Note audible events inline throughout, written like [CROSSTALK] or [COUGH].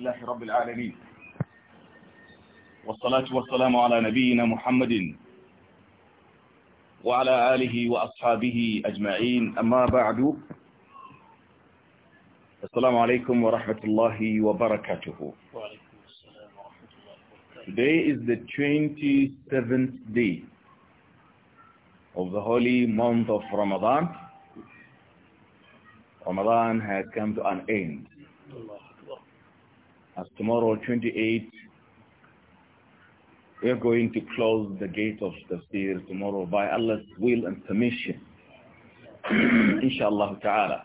الله رب العالمين والصلاة والسلام على نبينا محمد وعلى آله وأصحابه أجمعين أما بعد السلام عليكم ورحمة الله وبركاته Today is the 27th day of the holy month of Ramadan. Ramadan has come to an end. Allah. as tomorrow 28 we are going to close the gate of tafsir tomorrow by Allah's will and permission [CLEARS THROAT] inshallah ta'ala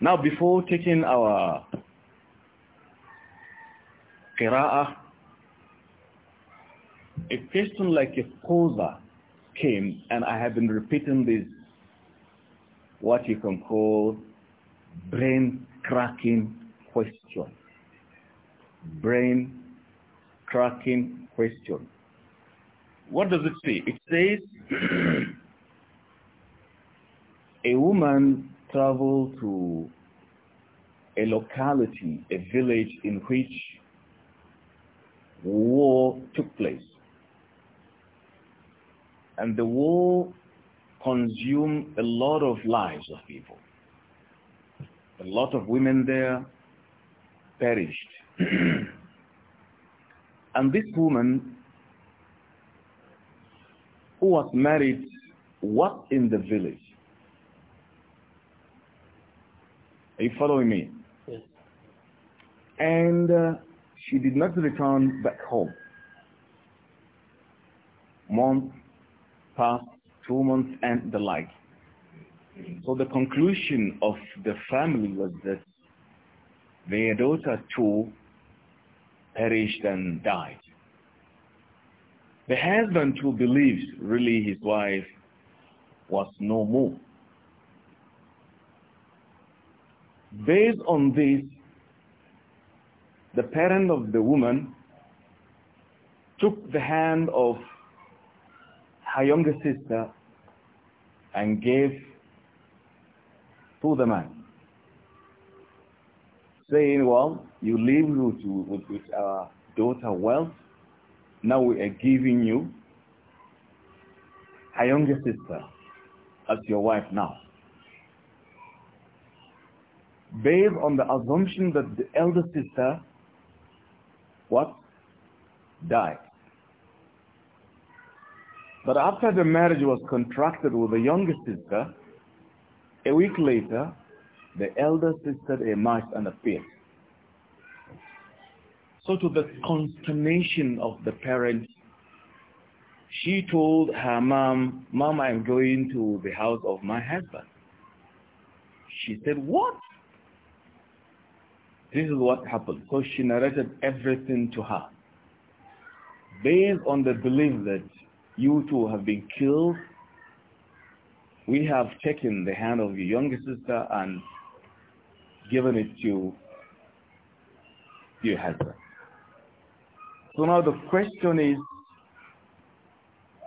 now before taking our qira'ah a question like a poser came and I have been repeating this what you can call brain cracking question. Brain cracking question. What does it say? It says, [CLEARS THROAT] a woman traveled to a locality, a village in which war took place. And the war consumed a lot of lives of people. A lot of women there, perished. [CLEARS THROAT] and this woman who was married was in the village. Are you following me? Yes. And uh, she did not return back home. Month passed, two months and the like. So the conclusion of the family was that their daughter too perished and died. The husband who believed really his wife was no more. Based on this, the parent of the woman took the hand of her younger sister and gave to the man saying, well, you leave with, with, with our daughter wealth. Now we are giving you her younger sister as your wife now. Based on the assumption that the elder sister, what? Died. But after the marriage was contracted with the younger sister, a week later, the elder sister emerged and appeared. So to the consternation of the parents, she told her mom, Mom, I'm going to the house of my husband. She said, what? This is what happened. So she narrated everything to her. Based on the belief that you two have been killed, we have taken the hand of your younger sister and given it to your husband. So now the question is,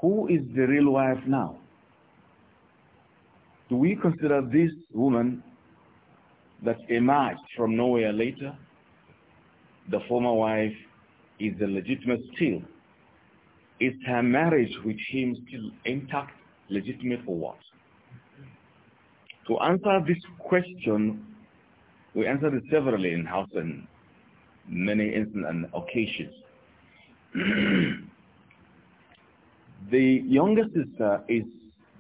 who is the real wife now? Do we consider this woman that emerged from nowhere later, the former wife, is the legitimate still? Is her marriage with him still intact, legitimate or what? To answer this question, we answered it severally in house and many instances and occasions. [CLEARS THROAT] the younger sister is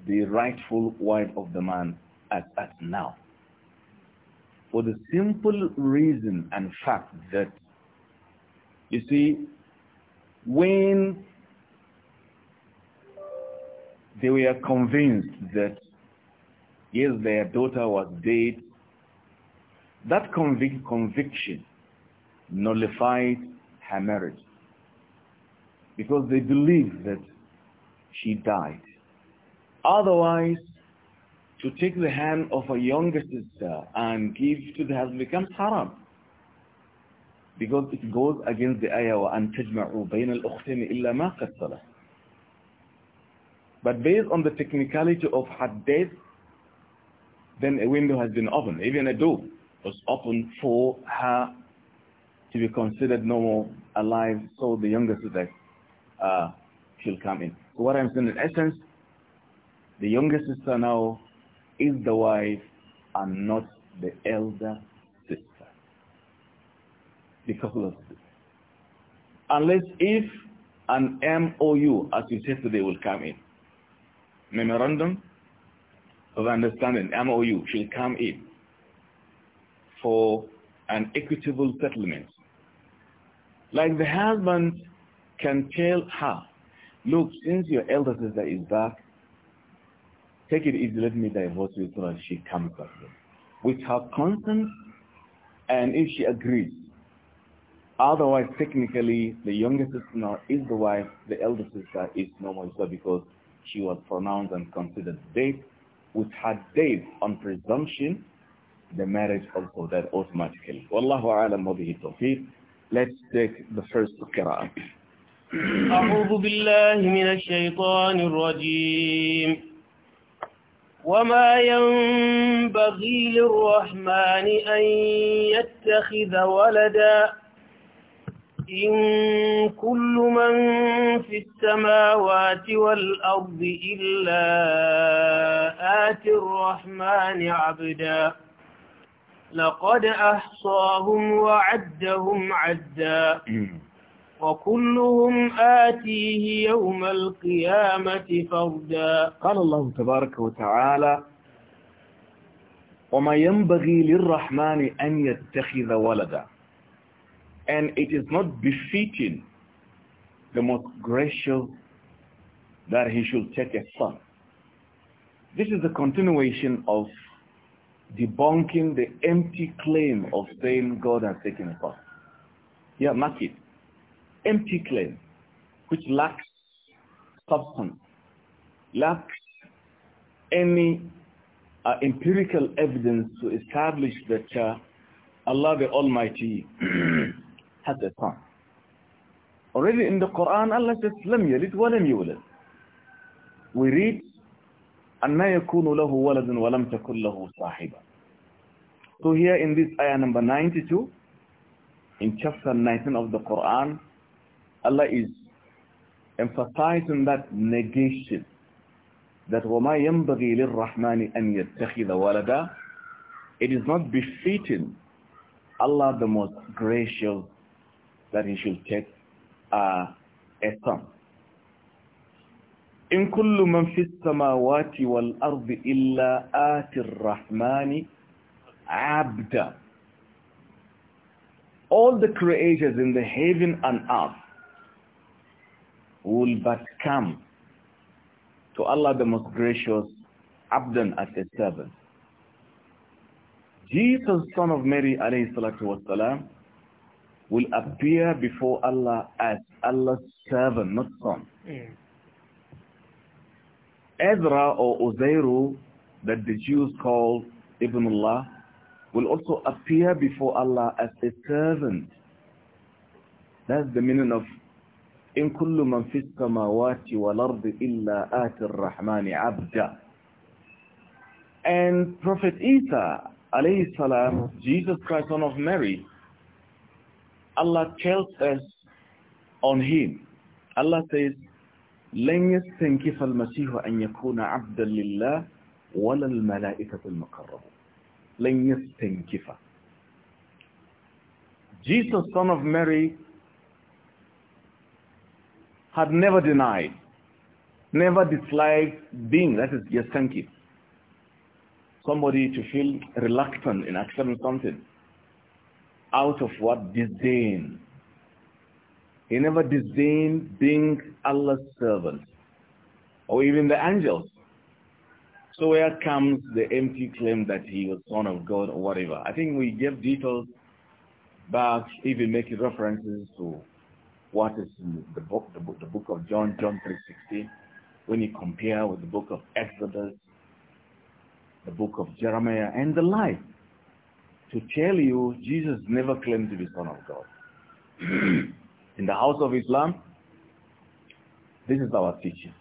the rightful wife of the man as at now. For the simple reason and fact that, you see, when they were convinced that, yes, their daughter was dead that convic conviction nullified her marriage because they believed that she died. Otherwise, to take the hand of a younger sister and give to the husband becomes haram. Because it goes against the ayah, وَأَن تَجْمَعُوا بَيْنَ الْأُخْتَيْنِ إِلَّا مَا قَدْ But based on the technicality of her death, then a window has been opened, even a door was open for her to be considered normal, alive so the younger sister uh, she'll come in. So what I'm saying in essence, the younger sister now is the wife and not the elder sister. Because of this. Unless if an MOU, as you said today, will come in. Memorandum of Understanding, MOU, she'll come in for an equitable settlement. Like the husband can tell her, look, since your elder sister is back, take it easy, let me divorce you so that she comes back. With her consent, and if she agrees, Otherwise, technically, the younger sister is the wife, the elder sister is no more so because she was pronounced and considered dead. With her death on presumption, the marriage of that automatically. Wallahu alam wa bihi tawfiq. Let's take the first qira'ah. أعوذ بالله من الشيطان الرجيم وما ينبغي للرحمن أن يتخذ ولدا إن كل من في السماوات والأرض إلا آتي الرحمن عبداً لقد أحصاهم وعدهم عدا وكلهم آتيه يوم القيامة فردا قال الله تبارك وتعالى وما ينبغي للرحمن أن يتخذ ولدا and it is not befitting the most gracious that he should take a son. This is the continuation of debunking the empty claim of saying God has taken a part. Yeah, mark it. Empty claim, which lacks substance, lacks any uh, empirical evidence to establish that uh, Allah the Almighty [CLEARS THROAT] has a son. Already in the Quran, Allah says, لَمْ يَلِدْ وَلَمْ يُولَدْ We read, أَنَّا يَكُونُ لَهُ وَلَدٌ وَلَمْ تَكُنْ لَهُ صَاحِبًا So here in this ayah number 92, in chapter 19 of the Quran, Allah is emphasizing that negation, that وَمَا يَنْبَغِي لِلرَّحْمَنِ أَنْ يَتَّخِذَ وَلَدًا It is not befitting Allah the most gracious that he should take uh, a son in kullu man fis samawati wal ardi illa atir rahmani abda all the creatures in the heaven and earth will but come to Allah the most gracious abdan as a servant Jesus son of Mary alayhi salatu wasalam will appear before Allah as Allah's servant not son mm. Ezra or Uzairu that the Jews called Ibn Allah will also appear before Allah as a servant. That's the meaning of إن كل من في السماوات والأرض إلا آت الرحمن عبدا And Prophet Isa alayhi salam, Jesus Christ son of Mary, Allah tells us on him. Allah says, لن يستنكف المسيح أن يكون عبدا لله ولا الملائكة المقربون لن يستنكف Jesus son of Mary had never denied never disliked being that is yastanki somebody to feel reluctant in accepting something out of what disdain He never disdained being Allah's servant or even the angels. So where comes the empty claim that he was son of God or whatever? I think we gave details back, even making references to what is in the book, the book, the book of John, John 3.16, when you compare with the book of Exodus, the book of Jeremiah, and the life. To tell you, Jesus never claimed to be son of God. [CLEARS THROAT] in the house of Islam, this is our teaching.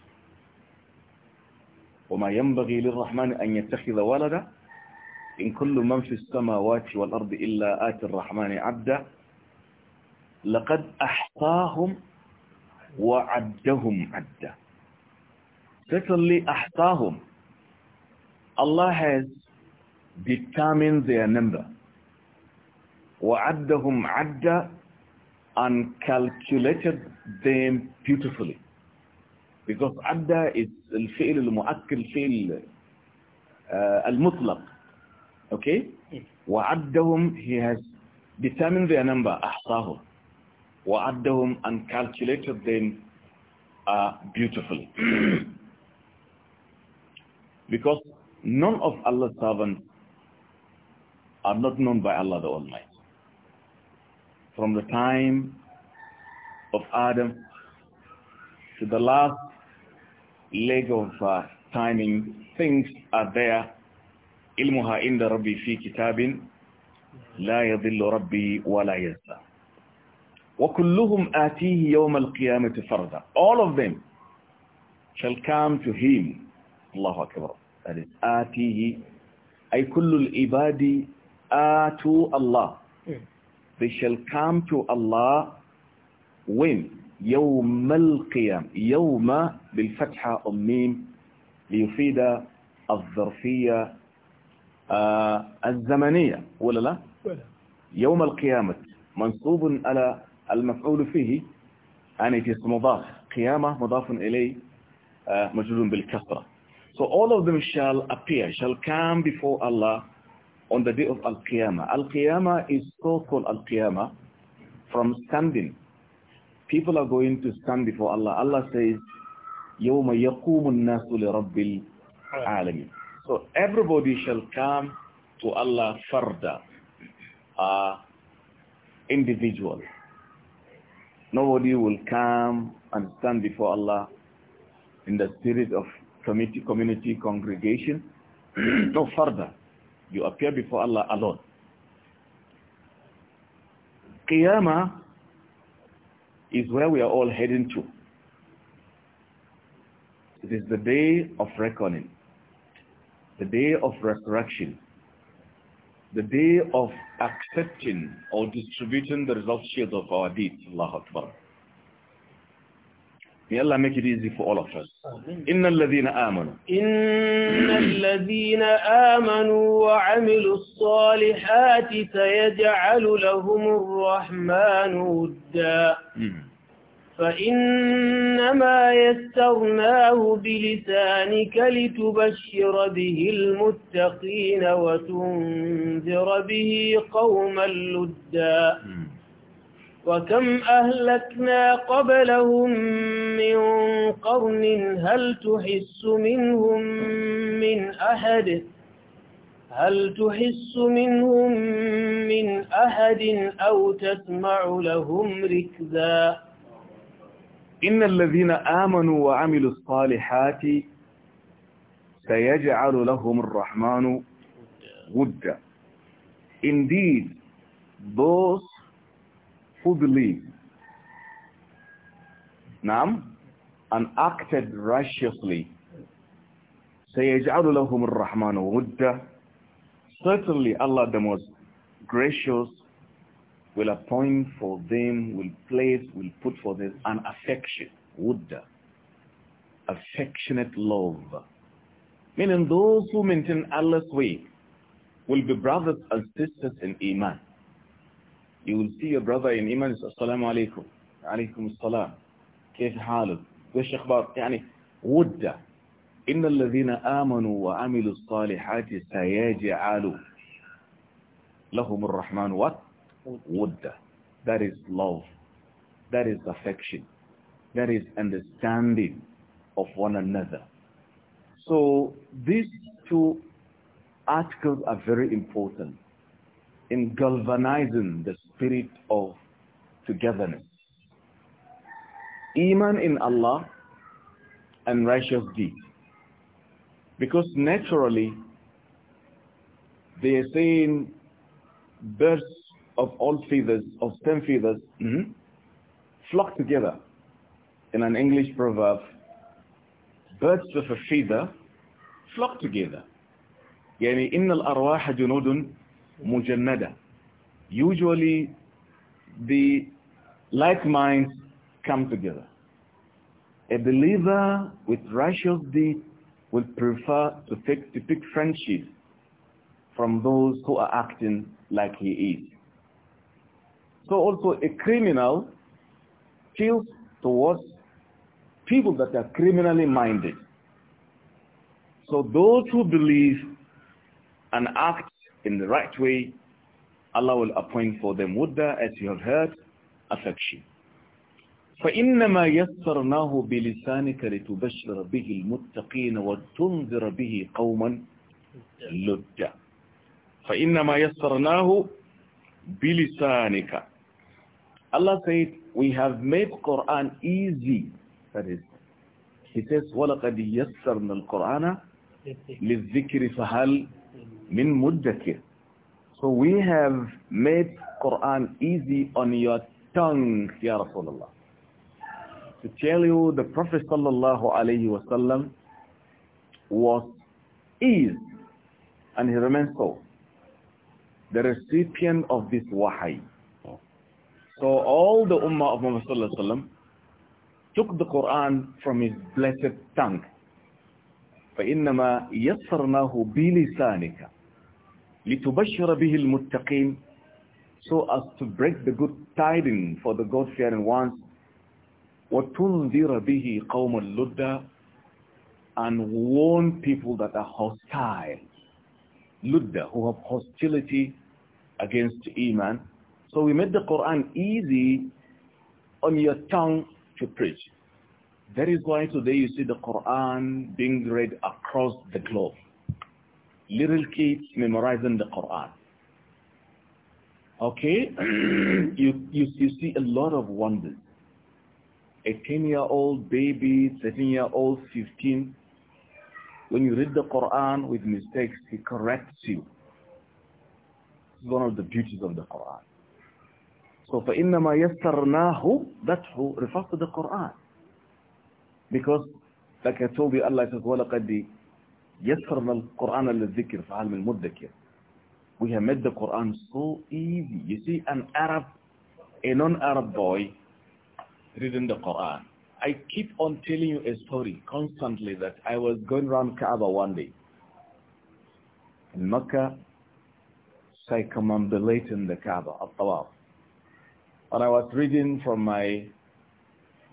وما ينبغي للرحمن أن يتخذ ولدا إن كل من في السماوات والأرض إلا آتي الرحمن عبدا لقد أحصاهم وعدهم عدا Certainly أحصاهم Allah has determined their number وعدهم عدا and calculated them beautifully. Because adda is الفعل المؤكد الفعل المطلق. Okay? وعدهم, hmm. he has determined their number, أحصاهم. وعدهم and calculated them uh, beautifully. [CLEARS THROAT] because none of Allah's servants are not known by Allah the Almighty from the time of Adam to the last leg of uh, timing, things are there. إِلْمُهَا inda رَبِّي فِي كِتَابٍ لَا yadhillu رَبِّي وَلَا la وَكُلُّهُمْ آتِيهِ يَوْمَ الْقِيَامَةِ فَرْدًا All of them shall come to him. Allahu Akbar. That is, آتِيهِ أي كل العباد آتوا الله they shall come to Allah when يوم القيام يوم بالفتحة الضميم ليفيد الظرفية آه الزمنية ولا لا يوم القيامة منصوب على المفعول فيه and it is مضاف قيامة مضاف إليه آه مجرور بالكسرة so all of them shall appear shall come before Allah on the day of Al-Qiyamah. Al-Qiyamah is so-called Al-Qiyamah from standing. People are going to stand before Allah. Allah says, يَوْمَ يَقُومُ النَّاسُ لِرَبِّ الْعَالَمِينَ So everybody shall come to Allah farda, uh, individual. Nobody will come and stand before Allah in the spirit of community, community congregation. [CLEARS THROAT] no, further. You appear before Allah alone. Qiyamah is where we are all heading to. It is the day of reckoning, the day of resurrection, the day of accepting or distributing the results of our deeds. Allah Akbar. May Allah make it easy for all of us. إن الذين آمنوا إن الذين آمنوا وعملوا الصالحات سيجعل لهم الرحمن ودا فإنما يسترناه بلسانك لتبشر به المتقين وتنذر به قوما لدا وكم أهلكنا قبلهم من قرن هل تحس منهم من أحد هل تحس منهم من أحد أو تسمع لهم ركزا إن الذين آمنوا وعملوا الصالحات سيجعل لهم الرحمن ودا Indeed, those who believed Naam and acted righteously سَيَجْعَلُ لَهُمُ الرَّحْمَنُ وُدَّ Certainly Allah the most gracious will appoint for them, will place, will put for them an affection, wudda, affectionate love. Meaning those who maintain Allah's way will be brothers and sisters in Iman you will see your brother in Iman is Assalamu alaikum, alaikum assalam, كيف حالك, وش أخبار, يعني ودة, إن الذين آمنوا وعملوا الصالحات سيجعل لهم الرحمن wa ودة. That is love. That is affection. That is understanding of one another. So these two articles are very important in galvanizing the spirit of togetherness. Iman in Allah and righteous deeds. Because naturally, they are saying birds of all feathers, of ten feathers, mm -hmm, flock together. In an English proverb, birds of a feather flock together. يعني إن الأرواح جنود مجندة usually the like minds come together. A believer with righteous deeds will prefer to pick, to pick friendship from those who are acting like he is. So also a criminal feels towards people that are criminally minded. So those who believe and act in the right way Allah will appoint for them mudda, as you have heard, affection. فإنما يسرناه بلسانك لتبشر به المتقين وتنذر به قوما لدا فإنما يسرناه بلسانك Allah said, we have made Quran easy. That is, he says, وَلَقَدْ يَسَّرْنَا الْقُرْآنَ [LAUGHS] لِلذِّكْرِ فَهَلْ مِنْ مُدَّكِرِ So we have made Quran easy on your tongue, Ya Rasulullah. To tell you, the Prophet sallallahu Alaihi wasallam was eased, and he remains so, the recipient of this wahi. So all the ummah of Muhammad sallallahu Alaihi wasallam took the Quran from his blessed tongue. فَإِنَّمَا يَسَّرْنَاهُ بِلِسَانِكَ لِتُبَشِّرَ بِهِ الْمُتَّقِينَ So as to break the good tidings for the God-fearing ones. وَتُنْذِرَ بِهِ قَوْمَ And warn people that are hostile. who have hostility against Iman. So we made the Quran easy on your tongue to preach. That is why today you see the Quran being read across the globe little kids memorizing the Quran. Okay? [CLEARS THROAT] you, you, you see a lot of wonders. A 10-year-old baby, 13-year-old, 15, when you read the Quran with mistakes, he corrects you. It's one of the beauties of the Quran. So فَإِنَّمَا يَسَّرْنَاهُ That who refers to the Quran. Because like I told you, Allah says, وَلَقَدْ يسرنا القرآن للذكر فعلم المدكر we have made the Quran so easy you see an Arab a non-Arab boy reading the Quran I keep on telling you a story constantly that I was going around Kaaba one day in Mecca circumambulating the Kaaba of Tawaf and I was reading from my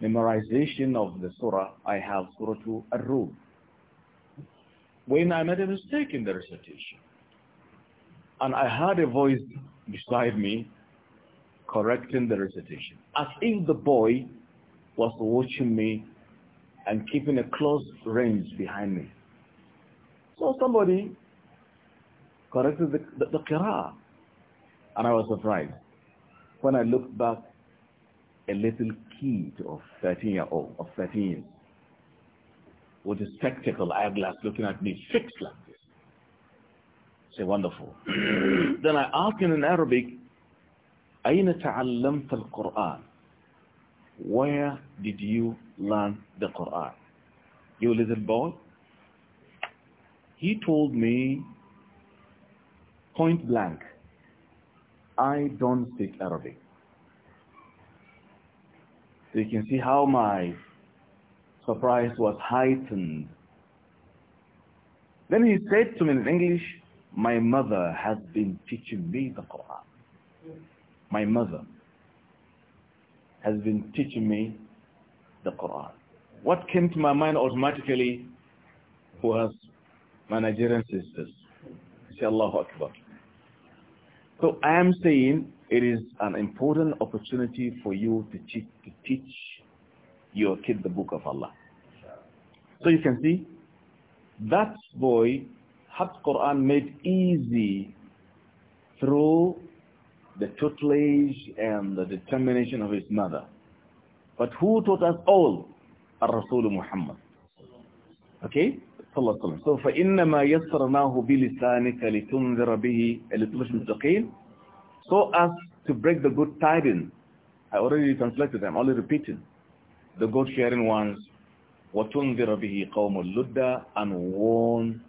memorization of the surah I have surah to Ar-Rum when I made a mistake in the recitation. And I heard a voice beside me correcting the recitation, as if the boy was watching me and keeping a close range behind me. So somebody corrected the, the, the qira'ah, and I was surprised. When I looked back, a little kid of 13 year old, of 13 years, with his spectacle eyeglass looking at me fixed like this. I say, wonderful. [CLEARS THROAT] then I asked him in Arabic, أين تعلمت القرآن? Where did you learn the Quran? You little boy? He told me point blank, I don't speak Arabic. So you can see how my surprise was heightened. Then he said to me in English, my mother has been teaching me the Quran. My mother has been teaching me the Quran. What came to my mind automatically was my Nigerian sisters. Say Allahu Akbar. So I am saying it is an important opportunity for you to teach, to teach your kid the book of Allah. So you can see, that boy had Quran made easy through the tutelage and the determination of his mother. But who taught us all? Ar-Rasul Muhammad. Okay? So فَإِنَّمَا يَسْرَنَاهُ بِلِسَانِكَ لِتُنذِرَ بِهِ لِتُلُشْ So as to break the good tidings. I already translated, I'm only repeating the God-fearing ones, وَتُنْذِرَ بِهِ قَوْمُ اللُّدَّ and warn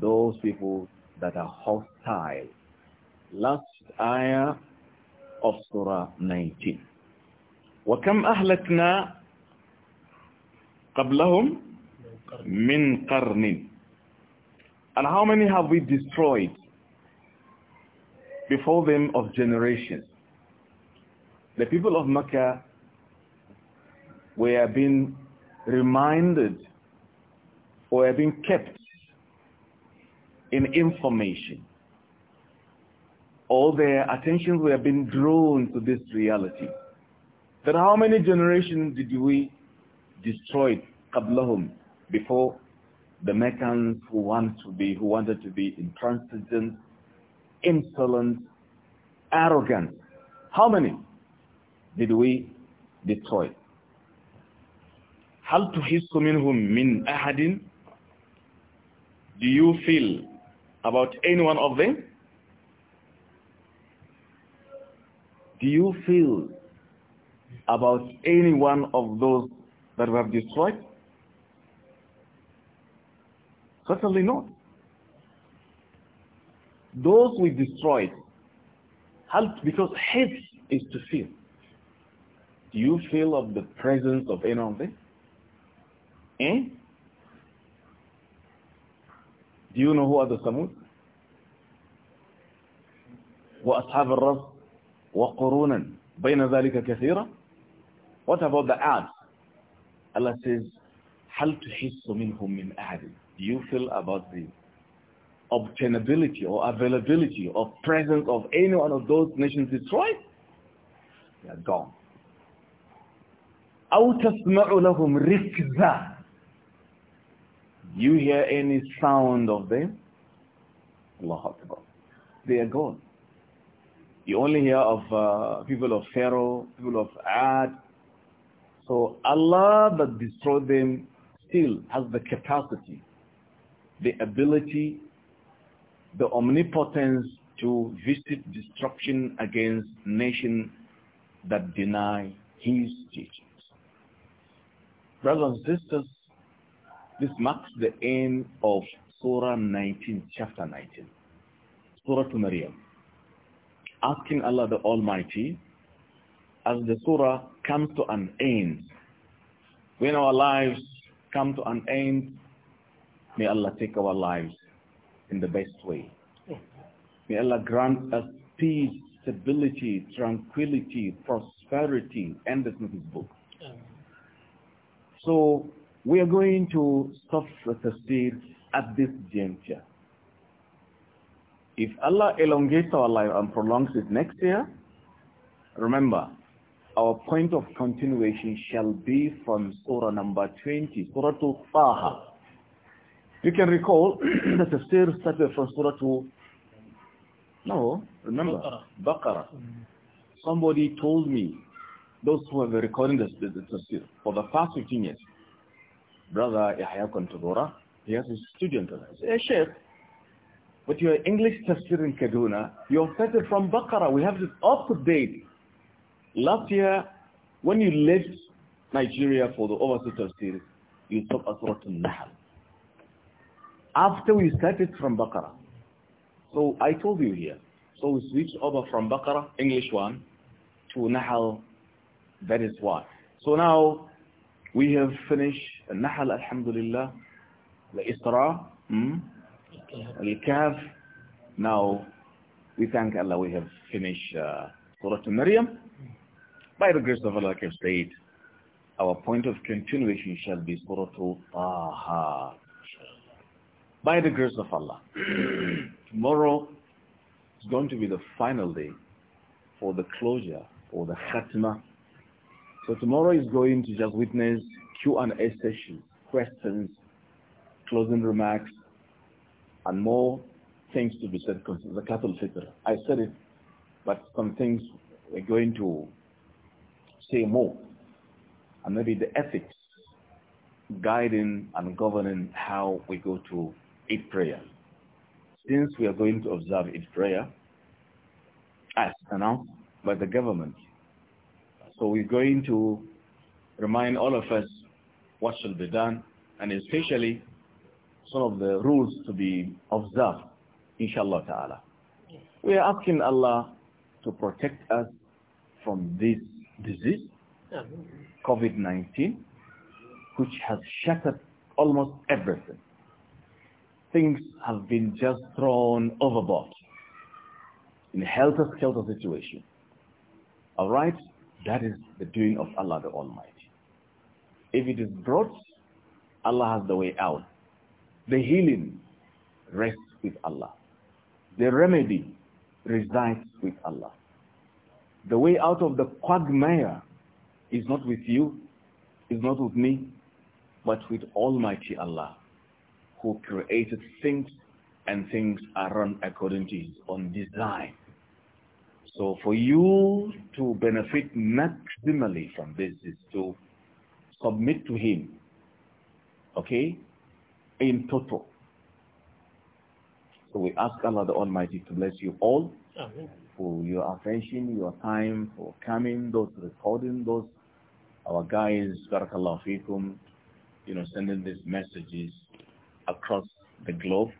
those people that are hostile. Last ayah of Surah 19. وَكَمْ أَهْلَكْنَا قَبْلَهُمْ مِنْ قَرْنٍ And how many have we destroyed before them of generations? The people of Mecca we are being reminded or have been kept in information. All their attentions have been drawn to this reality. That how many generations did we destroy qablahum before the Meccans who want to be, who wanted to be intransigent, insolent, arrogant. How many did we destroy? هل تحس منهم من أحد Do you feel about any one of them? Do you feel about any one of those that were destroyed? Certainly not. Those we destroyed, because hate is to feel. Do you feel of the presence of any of them? Hmm? Do you know who are the Samud? وأصحاب الرص وقرونا بين ذلك كثيرة. What about the Ad? Allah says هل تحس منهم من أحد Do you feel about the obtainability or availability or presence of any one of those nations destroyed? They are gone. أو تسمع لهم ركزا You hear any sound of them? Allah Akbar. They are gone. You only hear of uh, people of Pharaoh, people of Ad. So Allah that destroyed them still has the capacity, the ability, the omnipotence to visit destruction against nations that deny his teachings. Brothers and sisters, this marks the end of Surah 19, chapter 19. Surah to Maryam. Asking Allah the Almighty, as the surah comes to an end, when our lives come to an end, may Allah take our lives in the best way. May Allah grant us peace, stability, tranquility, prosperity, and this is His book. So we are going to stop the tafsir at this juncture. If Allah elongates our life and prolongs it next year, remember, our point of continuation shall be from surah number 20, surah to You can recall that [CLEARS THROAT] the tafsir started from surah to, no, remember, Baqarah. Somebody told me, those who have recording the, the, the tafsir for the past 15 years, brother Yahya Kontagora, he has a student. I say, hey, eh, Sheikh, but your English tafsir in Kaduna, you started from Baqarah. We have this up to date. Last year, when you left Nigeria for the overseas tafsir, you taught us what Nahl. After we started from Baqarah. So I told you here. So we switched over from Baqarah, English one, to Nahl. That is why. So now we have finished Nahal, Alhamdulillah, the Isra, hmm? Al-Kahf. Now, we thank Allah we have finished uh, Surah Al-Maryam. By the grace of Allah, like I've said, our point of continuation shall be Surah Al-Taha. By the grace of Allah. [CLEARS THROAT] Tomorrow is going to be the final day for the closure, for the khatma so tomorrow is going to just witness Q&A session, questions, closing remarks, and more things to be said concerning the cattle fitr. I said it, but some things we're going to say more. And maybe the ethics guiding and governing how we go to Eid prayer. Since we are going to observe Eid prayer, as announced by the government, so we're going to remind all of us what should be done and especially some of the rules to be observed, inshallah ta'ala. We are asking Allah to protect us from this disease, COVID-19, which has shattered almost everything. Things have been just thrown overboard in a helter-skelter situation. All right? That is the doing of Allah the Almighty. If it is brought, Allah has the way out. The healing rests with Allah. The remedy resides with Allah. The way out of the quagmire is not with you, is not with me, but with Almighty Allah, who created things and things are run according to his own design. So for you to benefit maximally from this is to submit to him, okay, in total. So we ask Allah the Almighty to bless you all Amen. for your attention, your time, for coming, those recording, those our guys, Barakallahu Fikum, you know, sending these messages across the globe.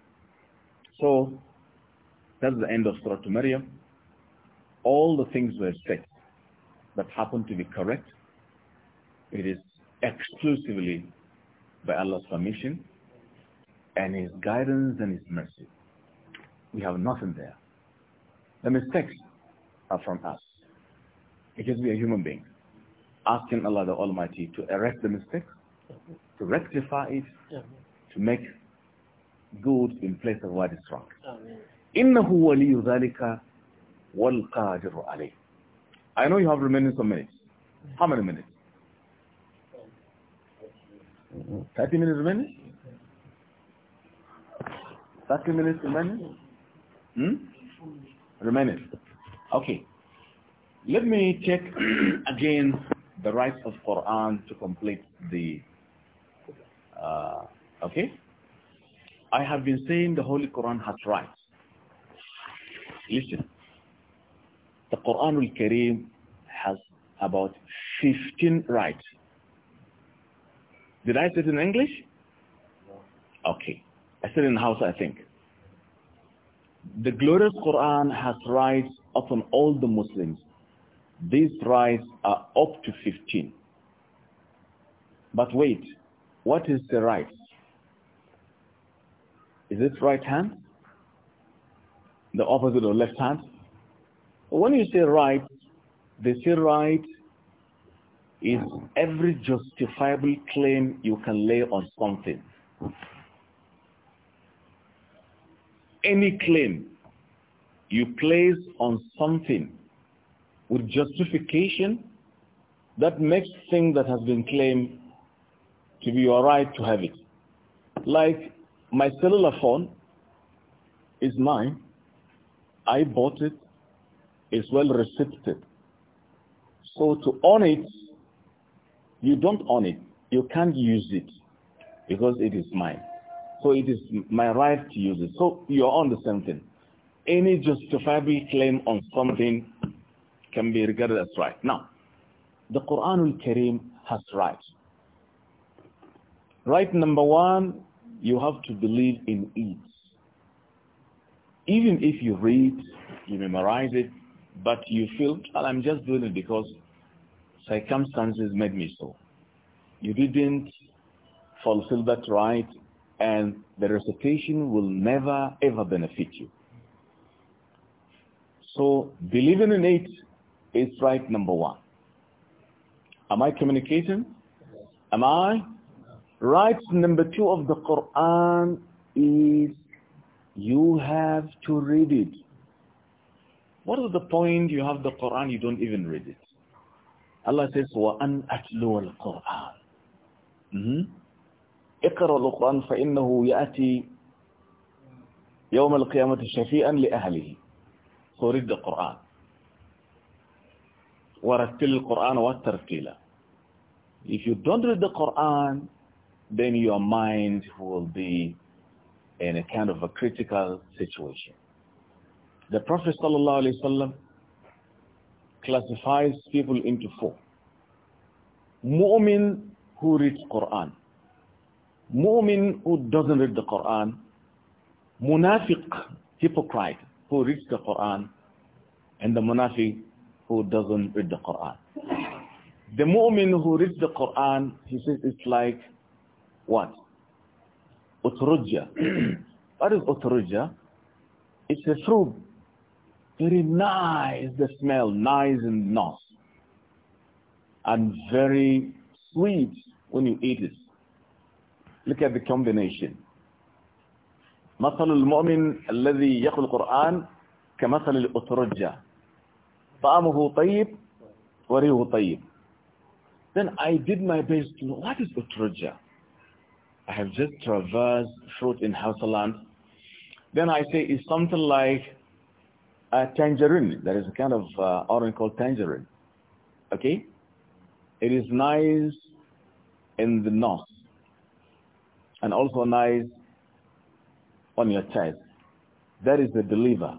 So that's the end of Surah to Maryam all the things were said that happen to be correct, it is exclusively by Allah's permission and His guidance and His mercy. We have nothing there. The mistakes are from us. Because we are human beings. Asking Allah the Almighty to erect the mistakes, to rectify it, to make good in place of what is wrong. Innahu waliyu dhalika وَالْقَادِرُ عَلَيْهِ I know you have remaining some minutes. How many minutes? 30 minutes remaining? 30 minutes remaining? Hmm? Remaining. Okay. Let me check [CLEARS THROAT] again the rights of Quran to complete the... Uh, okay? I have been saying the Holy Quran has rights. Listen. The Quran al-Karim has about 15 rights. Did I say it in English? Okay. I said in house, I think. The glorious Quran has rights upon all the Muslims. These rights are up to 15. But wait, what is the right? Is it right hand? The opposite of left hand? When you say right, the say right is every justifiable claim you can lay on something. Any claim you place on something with justification that makes thing that has been claimed to be your right to have it. Like my cellular phone is mine. I bought it is well received. So to own it, you don't own it. You can't use it because it is mine. So it is my right to use it. So you are on the same thing. Any justifiable claim on something can be regarded as right. Now, the Quran al-Karim has rights. Right number one, you have to believe in it. Even if you read, you memorize it, but you feel, well, I'm just doing it because circumstances made me so. You didn't fulfill that right and the recitation will never ever benefit you. So believing in it is right number one. Am I communicating? Am I? Right number two of the Quran is you have to read it what is the point you have the Quran, you don't even read it? Allah says, وَأَنْ أَتْلُوَ الْقُرْآنِ اقرأ القرآن فإنه يأتي يوم القيامة شفيئا لأهله so read the Quran ورتل القرآن والترتيلا if you don't read the Quran then your mind will be in a kind of a critical situation the Prophet ﷺ classifies people into four. Mu'min who reads Quran. Mu'min who doesn't read the Quran. Munafiq, hypocrite, who reads the Quran. And the munafiq who doesn't read the Quran. The mu'min who reads the Quran, he says it's like what? Utrujja. [CLEARS THROAT] what is utrujja? It's a fruit very nice the smell, nice and nice. And very sweet when you eat it. Look at the combination. مثل المؤمن الذي يقرأ القرآن كمثل الأترجة طعمه طيب وريه طيب Then I did my best to know what is Utraja. I have just traversed fruit in Hausaland. Then I say it's something like a tangerine. There is a kind of uh, orange called tangerine. Okay? It is nice in the nose and also nice on your chest. That is the believer.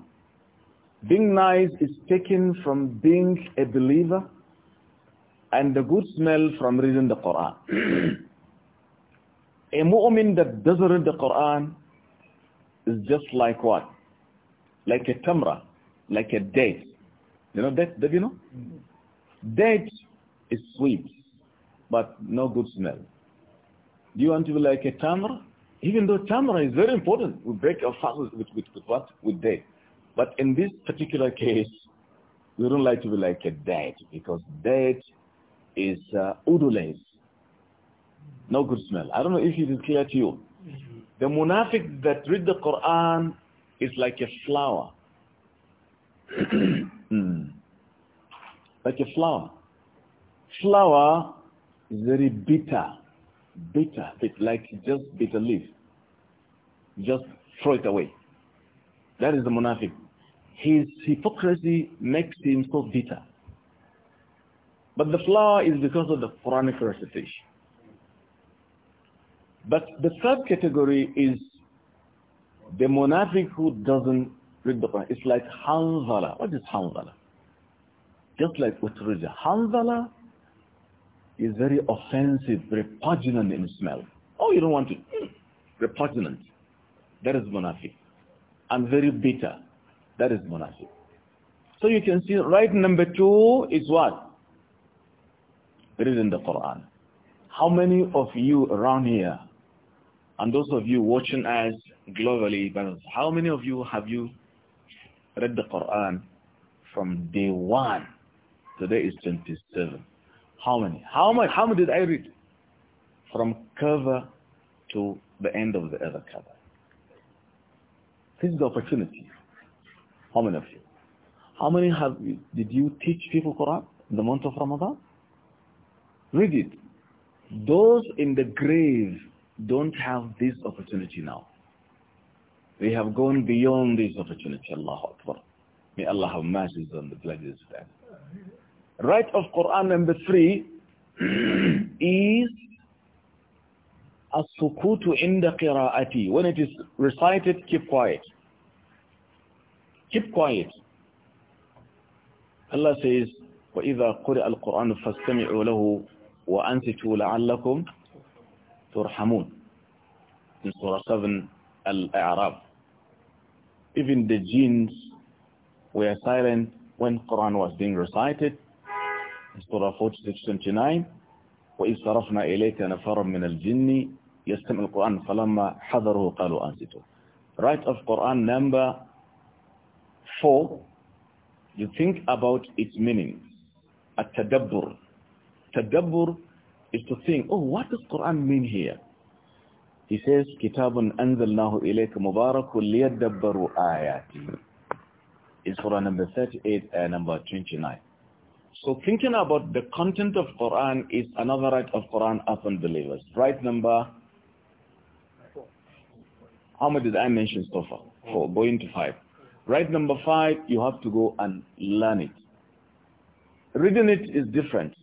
Being nice is taken from being a believer and the good smell from reading the Quran. [CLEARS THROAT] a mu'min that doesn't read the Quran is just like what? Like a tamra like a date. You know date, do you know? Mm-hmm. Date is sweet, but no good smell. Do you want to be like a tamra? Even though tamra is very important, we break our fast with, with, with what? With date. But in this particular case, we don't like to be like a date because date is uh, No good smell. I don't know if it is clear to you. Mm-hmm. The munafiq that read the Quran is like a flower Hmm. like a flower. Flower is very bitter, bitter, like just bitter leaf. Just throw it away. That is the monarchic. His hypocrisy makes him so bitter. But the flower is because of the Quranic recitation. But the third category is the monarchic who doesn't read the Quran. It's like Hanzala. What is Hanzala? Just like Utrija. Hanzala is very offensive, repugnant in smell. Oh, you don't want it. Mm. Repugnant. That is Munafiq. And very bitter. That is Munafiq. So you can see right number two is what? in the Quran. How many of you around here and those of you watching us globally, how many of you have you read the Quran from day one. Today is 27. How many? How much? How many did I read? From cover to the end of the other cover. This is the opportunity. How many of you? How many have you, did you teach people Quran in the month of Ramadan? Read it. Those in the grave don't have this opportunity now. They have gone beyond this opportunity. Allahu Akbar. May Allah have mercy on the pledges of them. Right of Quran number three [CLEARS THROAT] is as-sukutu inda qira'ati. When it is recited, keep quiet. Keep quiet. Allah says, وَإِذَا قُرِئَ الْقُرْآنُ فَاسْتَمِعُوا لَهُ وَأَنْسِتُوا لَعَلَّكُمْ تُرْحَمُونَ In Surah 7, al-A'rab. Even the jinns were silent when Quran was being recited. Surah 46-29 Right of Quran number 4 you think about its meaning. At-tadabbur. Tadabbur is to think, oh, what does Quran mean here? He says, Kitabun anzalnahu ilayka mubarakun liyadabbaru ayati. It's Surah number 38 and number 29. So thinking about the content of Quran is another right of Quran upon believers. Right number, how many did I mention so far? Four, going to five. Right number five, you have to go and learn it. Reading it is different.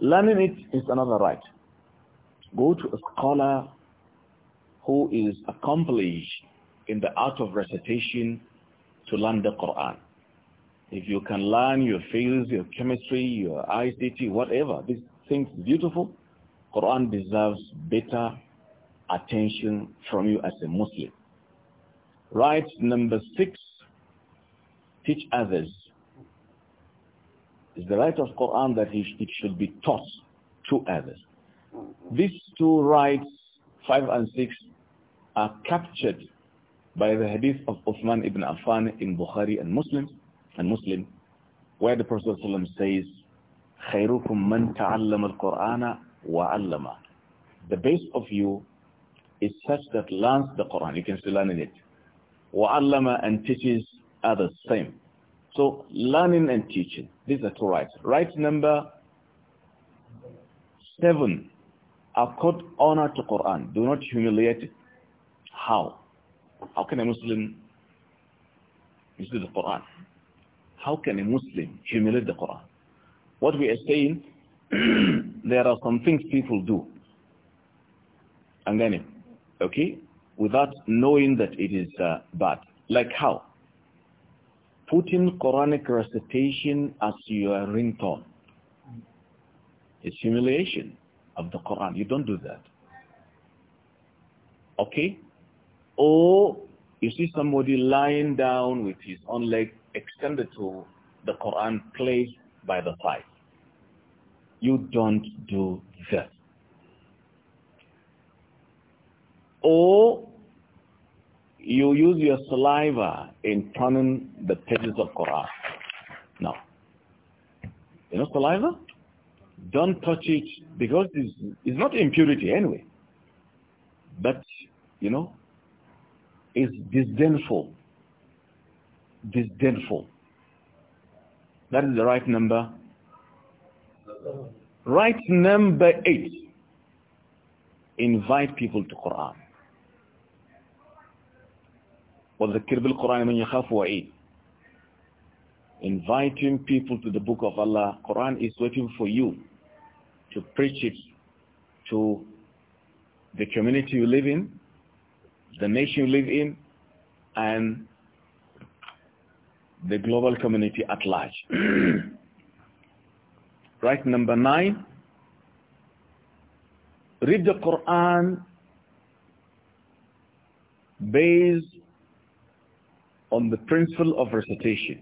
Learning it is another right. Go to a scholar who is accomplished in the art of recitation to learn the Quran. If you can learn your fields, your chemistry, your ICT, whatever, these thing's beautiful. Quran deserves better attention from you as a Muslim. Right number six, teach others. It's the right of Quran that it should be taught to others. This two rights, five and six, are captured by the hadith of Uthman ibn Affan in Bukhari and Muslim, and Muslim, where the Prophet ﷺ says, خَيْرُكُمْ مَنْ تَعَلَّمَ الْقُرْآنَ وَعَلَّمَ The best of you is such that learns the Quran. You can still learn in it. وَعَلَّمَ and teaches others. Same. So learning and teaching. These are two rights. Right number seven accord honor to Quran. Do not humiliate it. How? How can a Muslim misuse the Quran? How can a Muslim humiliate the Quran? What we are saying, [CLEARS THROAT] there are some things people do. And then, okay, without knowing that it is uh, bad. Like how? Putting Quranic recitation as your ringtone. It's humiliation of the Quran. You don't do that. Okay? Or you see somebody lying down with his own leg extended to the Quran placed by the side. You don't do that. Or you use your saliva in turning the pages of Quran. No. You know saliva? Don't touch it because it's, it's not impurity anyway. But, you know, it's disdainful. Disdainful. That is the right number. Right number eight. Invite people to Quran. وذكر بالقرآن من يخاف وعيد inviting people to the book of Allah. Quran is waiting for you to preach it to the community you live in, the nation you live in, and the global community at large. [CLEARS THROAT] right, number nine, read the Quran based on the principle of recitation.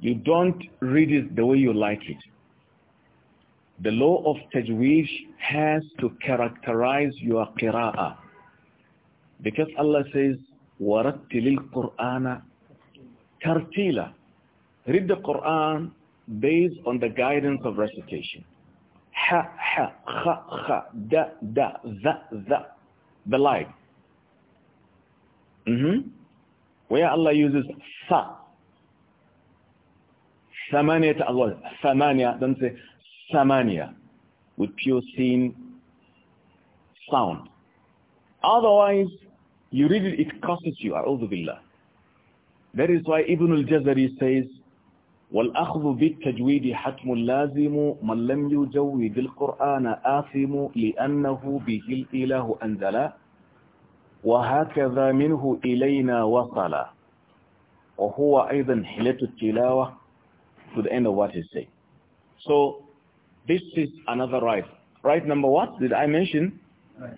You don't read it the way you like it. The law of tajweed has to characterize your qira'ah. Because Allah says, وَرَتِّلِ الْقُرْآنَ تَرْتِيلًا Read the Quran based on the guidance of recitation. Ha, ha, kha, kha, da, da, za, za, the like. Mm -hmm. Where Allah uses sa, ثمانية أغوال ثمانية don't say ثمانية with pure seen sound otherwise you read it it causes you أعوذ بالله that is why Ibn al-Jazari says والأخذ بالتجويد حتم لازم من لم يجود القرآن آثم لأنه به الإله أنزل وهكذا منه إلينا وصل وهو أيضا حلة التلاوة to the end of what he said. So this is another right. Right number what did I mention?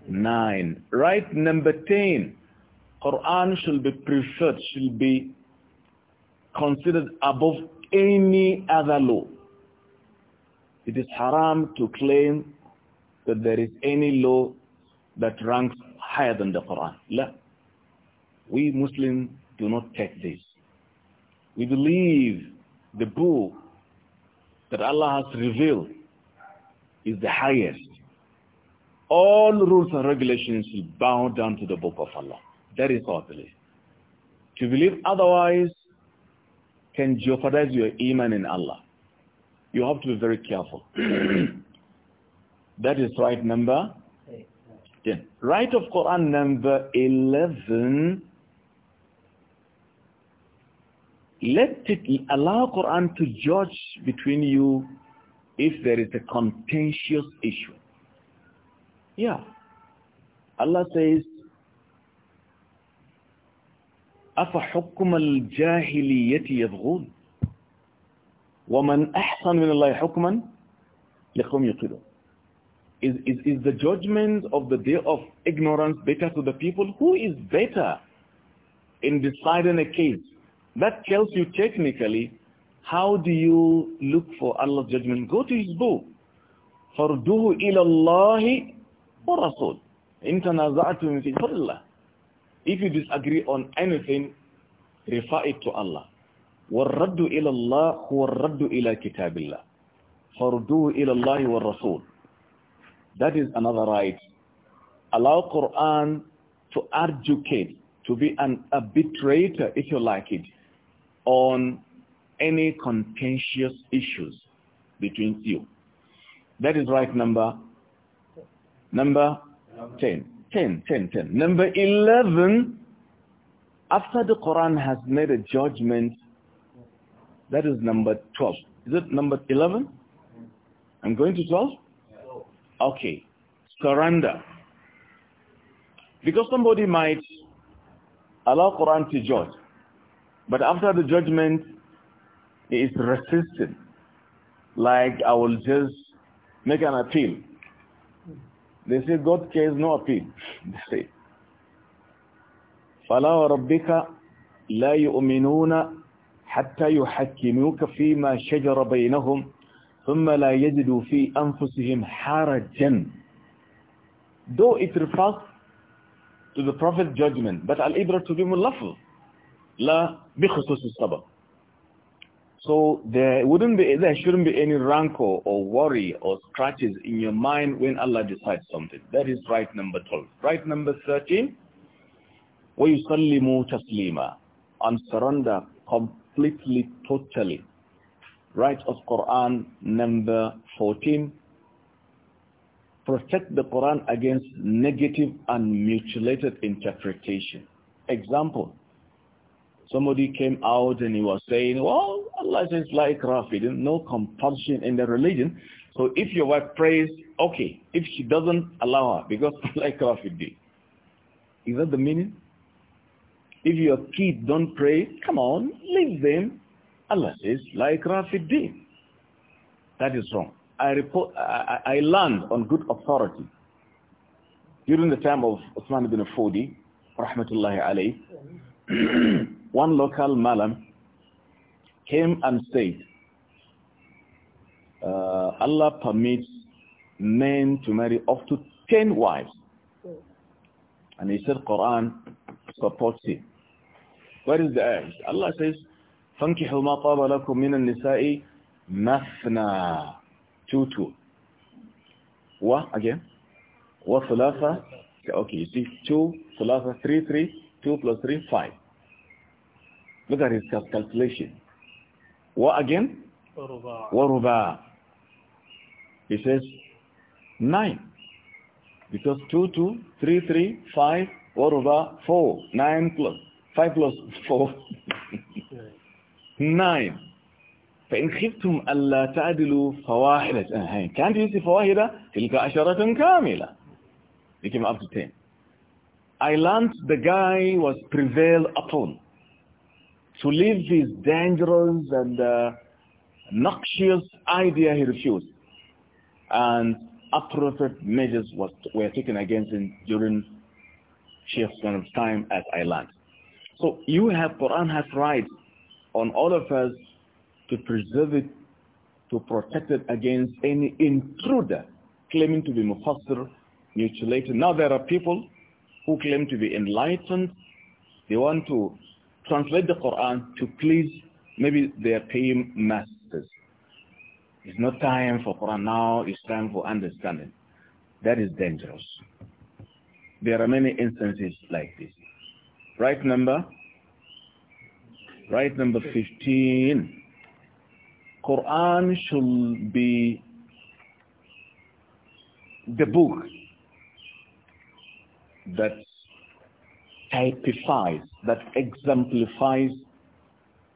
Nine. Right number ten. Quran should be preferred, should be considered above any other law. It is haram to claim that there is any law that ranks higher than the Quran. La. We Muslims do not take this. We believe the bull that Allah has revealed is the highest. All rules and regulations will bow down to the book of Allah. That is our belief. To believe otherwise can jeopardize your iman in Allah. You have to be very careful. [CLEARS THROAT] that is right number 10. Right of Quran number 11 let it allow Quran to judge between you if there is a contentious issue. Yeah. Allah says, أَفَحُكُمَ الْجَاهِلِيَّةِ يَبْغُونَ وَمَنْ أَحْسَنُ مِنَ اللَّهِ حُكْمًا لِقُمْ يُقِدُونَ is, is, is the judgment of the day of ignorance better to the people? Who is better in deciding a case that tells you technically how do you look for Allah's judgment? Go to His book. فَرْدُهُ إِلَى اللَّهِ وَرَسُولِ إِن تَنَازَعْتُمْ فِي الله. If you disagree on anything, refer it to Allah. وَالرَّدُّ إِلَى اللَّهِ هُوَ الرَّدُّ إِلَى كِتَابِ اللَّهِ فَرْدُهُ إِلَى اللَّهِ وَالرَّسُولِ That is another right. Allow Quran to educate, to be an arbitrator if you like it on any contentious issues between you. That is right number number 10. 10, 10, 10. Number 11, after the Quran has made a judgment, that is number 12. Is it number 11? I'm going to 12? Okay. Surrender. Because somebody might allow Quran to judge. But after the judgment, he is resistant. Like, I will just make an appeal. They say, God cares no appeal. [LAUGHS] They say, فَلَا وَرَبِّكَ لَا يُؤْمِنُونَ حَتَّى يُحَكِّمُوكَ فِي مَا شَجَرَ بَيْنَهُمْ ثُمَّ لَا يَجِدُوا فِي أَنفُسِهِمْ حَارِجًا. Though it refers to the Prophet's judgment, but al-ibra to be mulafl. لا بخصوص so there wouldn't be there shouldn't be any rancor or worry or scratches in your mind when Allah decides something that is right number 12 right number 13 وَيُسَلِّمُوا تَسْلِيمًا and surrender completely totally right of Quran number 14 protect the Quran against negative and mutilated interpretation example somebody came out and he was saying, well, Allah says, like Rafid, no compulsion in the religion. So if your wife prays, okay. If she doesn't, allow her, because [LAUGHS] like Rafidin. Is that the meaning? If your kids don't pray, come on, leave them. Allah says, like Rafidin. That is wrong. I, report, I, I learned on good authority during the time of Uthman ibn Affodi, rahmatullahi alayhi, [CLEARS THROAT] one local malam came and said, uh, Allah permits men to marry up to 10 wives. And he said Quran supports it. Where is the ayah? Allah says, فَانْكِحُوا مَا طَابَ لَكُم مِّنَ النِّسَاءِ مَثْنَى Two, two. Wa, again. Wa, thulatha. Okay, you see, two, thulatha, three, three. Two plus three, five. Look at his calculation. What again? Waruba. He says 9. Because 2, 2, Waruba, 4, 9 plus, 5 plus 4, [LAUGHS] 9. فإن خفتم ألا تعدلوا فواحدة كانت uh, يسي فواحدة تلك عشرة كاملة It came up to 10. I learned the guy was prevailed upon. To leave his dangerous and uh, noxious idea, he refused. And appropriate measures was, were taken against him during Sheikh's time at I So you have, Quran has rights on all of us to preserve it, to protect it against any intruder claiming to be mufassir, mutilated. Now there are people who claim to be enlightened. They want to translate the Quran to please maybe their paying masters. It's not time for Quran now, it's time for understanding. That is dangerous. There are many instances like this. Right number? Right number 15. Quran should be the book that typifies, that exemplifies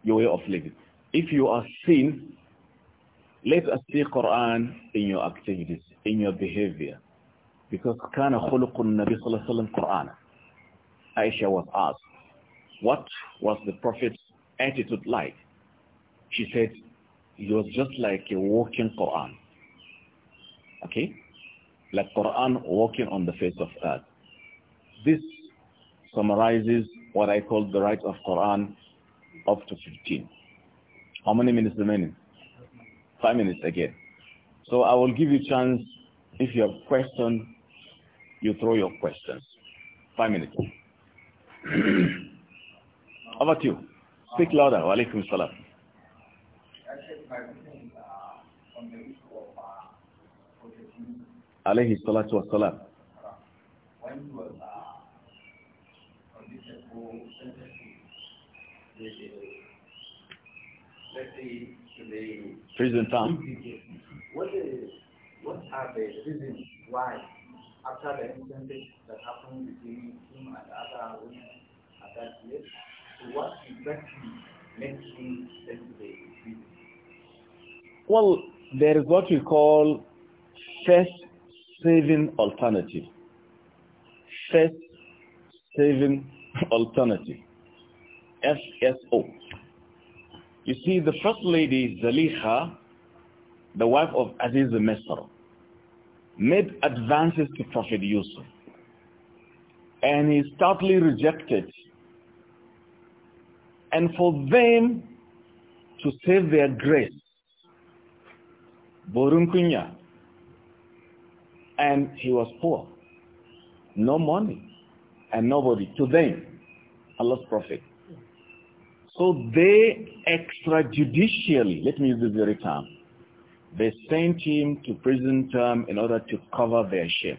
your way of living. If you are seen, let us see Quran in your activities, in your behavior. Because كان خلق النبي صلى الله عليه وسلم Quran. Aisha was asked, what was the Prophet's attitude like? She said, he was just like a walking Quran. Okay? Like Quran walking on the face of earth. This summarizes what I call the rights of Quran up to 15. How many minutes remaining? Five minutes again. So I will give you chance, if you have question, you throw your questions. Five minutes. How about [CLEARS THROAT] you? Speak louder. Wa alaikum salam. Alayhi salatu wa salam. President Tom, What is what are the reasons why, after the incident that happened between him and other women at that what exactly makes him Well, there is what we call first saving alternative. First saving [LAUGHS] alternative. SSO. You see, the first lady, Zalikha, the wife of Aziz Mesr, made advances to Prophet Yusuf. And he stoutly rejected. And for them to save their grace, Borunkunya, and he was poor, no money, and nobody. To them, Allah's Prophet so they extrajudicially, let me use this very term, they sent him to prison term in order to cover their shame.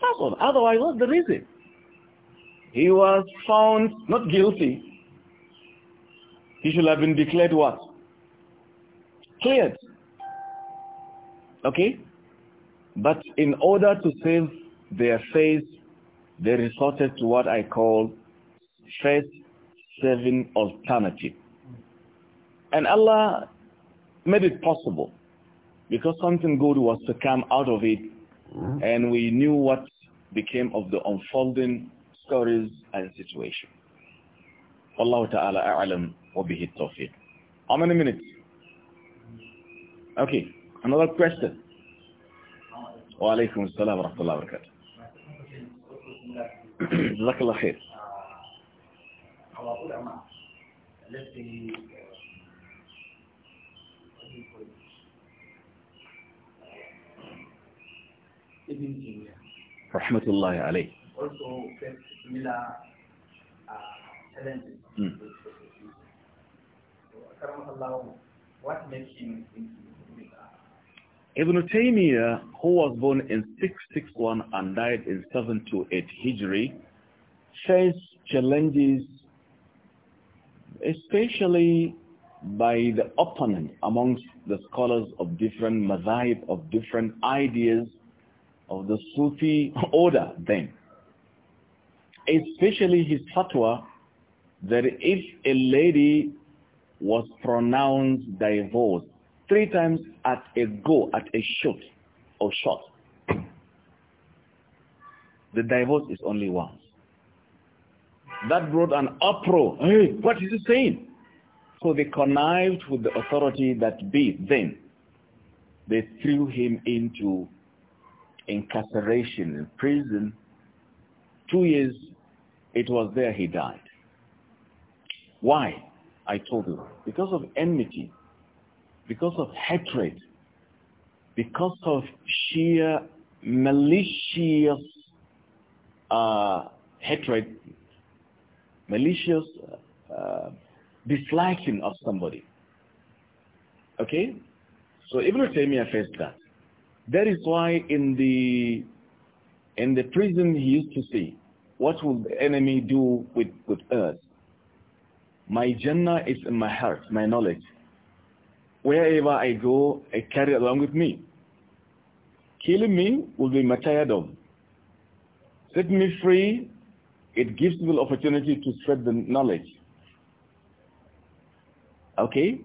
That's all. Otherwise, what's the reason? He was found not guilty. He should have been declared what? Cleared. Okay? But in order to save their face, they resorted to what I call first Seven alternative. And Allah made it possible because something good was to come out of it mm-hmm. and we knew what became of the unfolding stories and situation. Allah ta'ala a'lam wa bihi tawfiq. How many minutes? Okay, another question. Wa alaykum as-salam wa rahmatullahi wa barakatuh. [COUGHS] Jazakallah khair our ulama, let's what Ibn Taymiyyah. Rahmatullahi Also similar uh, Mm. makes him Ibn Taymiyyah, who was born in 661 and died in 728 Hijri, faced challenges especially by the opponent amongst the scholars of different madhaib, of different ideas of the Sufi order then. Especially his fatwa that if a lady was pronounced divorced three times at a go, at a shot or shot, the divorce is only once. That brought an uproar. Hey, what is he saying? So they connived with the authority that be then. They threw him into incarceration in prison. Two years, it was there he died. Why? I told you. Because of enmity. Because of hatred. Because of sheer malicious uh, hatred malicious uh, uh, disliking of somebody. Okay? So Ibn Taymiyyah faced that. That is why in the in the prison he used to say, what will the enemy do with, with us? My Jannah is in my heart, my knowledge. Wherever I go, I carry along with me. Killing me will be my tiredom. Set me free it gives people opportunity to spread the knowledge. Okay?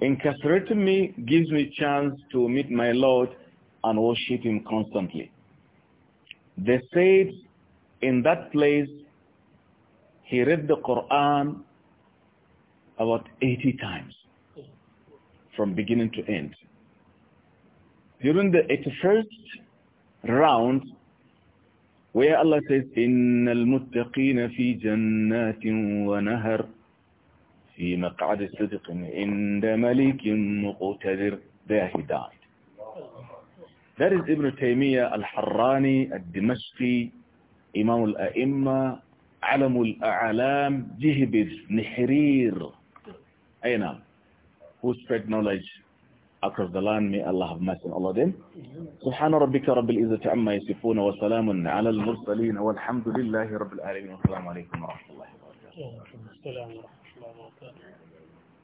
Incarcerating me gives me chance to meet my Lord and worship Him constantly. They said in that place he read the Quran about 80 times from beginning to end. During the 81st round, ويا الله says إن المتقين في جنات ونهر في مقعد صدق عند مليك مقتدر there he died that is Ibn Taymiyyah al-Harrani al-Dimashqi Imam al-A'imma علم الأعلام جهبذ نحرير أي نعم who spread knowledge across the land. May Allah have mercy on all of them. Subhana rabbika rabbil izzati amma yasifuna wa salamun ala al-mursaleen walhamdulillahi rabbil alamin. Assalamu alaikum wa rahmatullahi wa barakatuh.